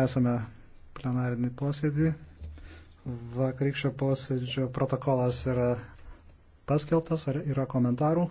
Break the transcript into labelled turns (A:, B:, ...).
A: Esame plenarinį posėdį. Vakarykščio posėdžio protokolas yra paskeltas, ar yra komentarų?